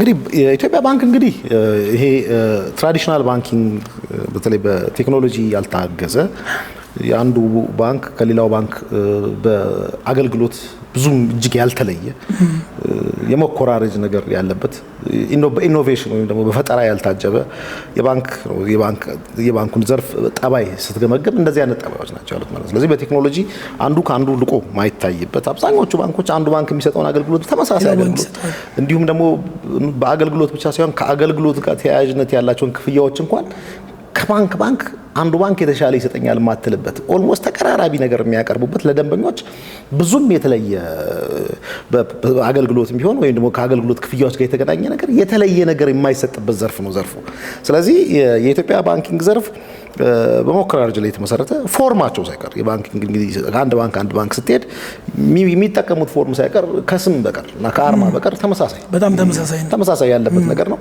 እንግዲህ የኢትዮጵያ ባንክ እንግዲህ ይሄ ትራዲሽናል ባንኪንግ በተለይ በቴክኖሎጂ ያልታገዘ የአንዱ ባንክ ከሌላው ባንክ በአገልግሎት ብዙም እጅግ ያልተለየ የመኮራረጅ ነገር ያለበት በኢኖቬሽን ወይም ደግሞ በፈጠራ ያልታጀበ የባንኩን ዘርፍ ጠባይ ስትገመገም እንደዚህ አይነት ጠባዮች ናቸው ያሉት ማለት ስለዚህ በቴክኖሎጂ አንዱ ከአንዱ ልቆ ማይታይበት፣ አብዛኞቹ ባንኮች አንዱ ባንክ የሚሰጠውን አገልግሎት ተመሳሳይ አገልግሎት እንዲሁም ደግሞ በአገልግሎት ብቻ ሳይሆን ከአገልግሎት ጋር ተያያዥነት ያላቸውን ክፍያዎች እንኳን ከባንክ ባንክ አንዱ ባንክ የተሻለ ይሰጠኛል የማትልበት ኦልሞስት ተቀራራቢ ነገር የሚያቀርቡበት ለደንበኞች ብዙም የተለየ አገልግሎት ቢሆን ወይም ደግሞ ከአገልግሎት ክፍያዎች ጋር የተገናኘ ነገር የተለየ ነገር የማይሰጥበት ዘርፍ ነው ዘርፉ። ስለዚህ የኢትዮጵያ ባንኪንግ ዘርፍ በሞከራ አርጅ ላይ የተመሰረተ ፎርማቸው ሳይቀር የባንኪንግ እንግዲህ አንድ ባንክ አንድ ባንክ ስትሄድ የሚጠቀሙት ፎርም ሳይቀር ከስም በቀር እና ከአርማ በቀር ተመሳሳይ በጣም ተመሳሳይ ያለበት ነገር ነው።